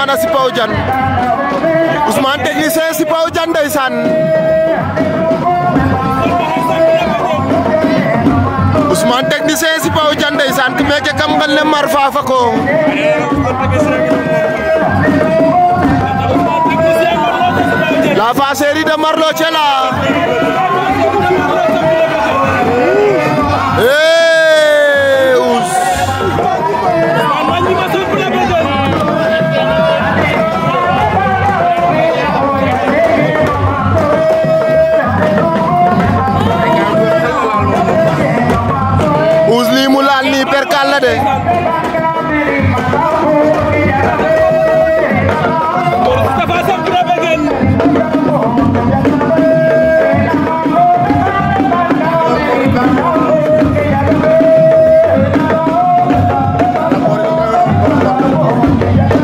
Ousmane a Sipaw Diane Ousmane technicien Sipaw Diane ndeysaan Ousmane technicien Sipaw kam ngal ne mar ko la fa série de Marlo Thiela jáde. Yeah.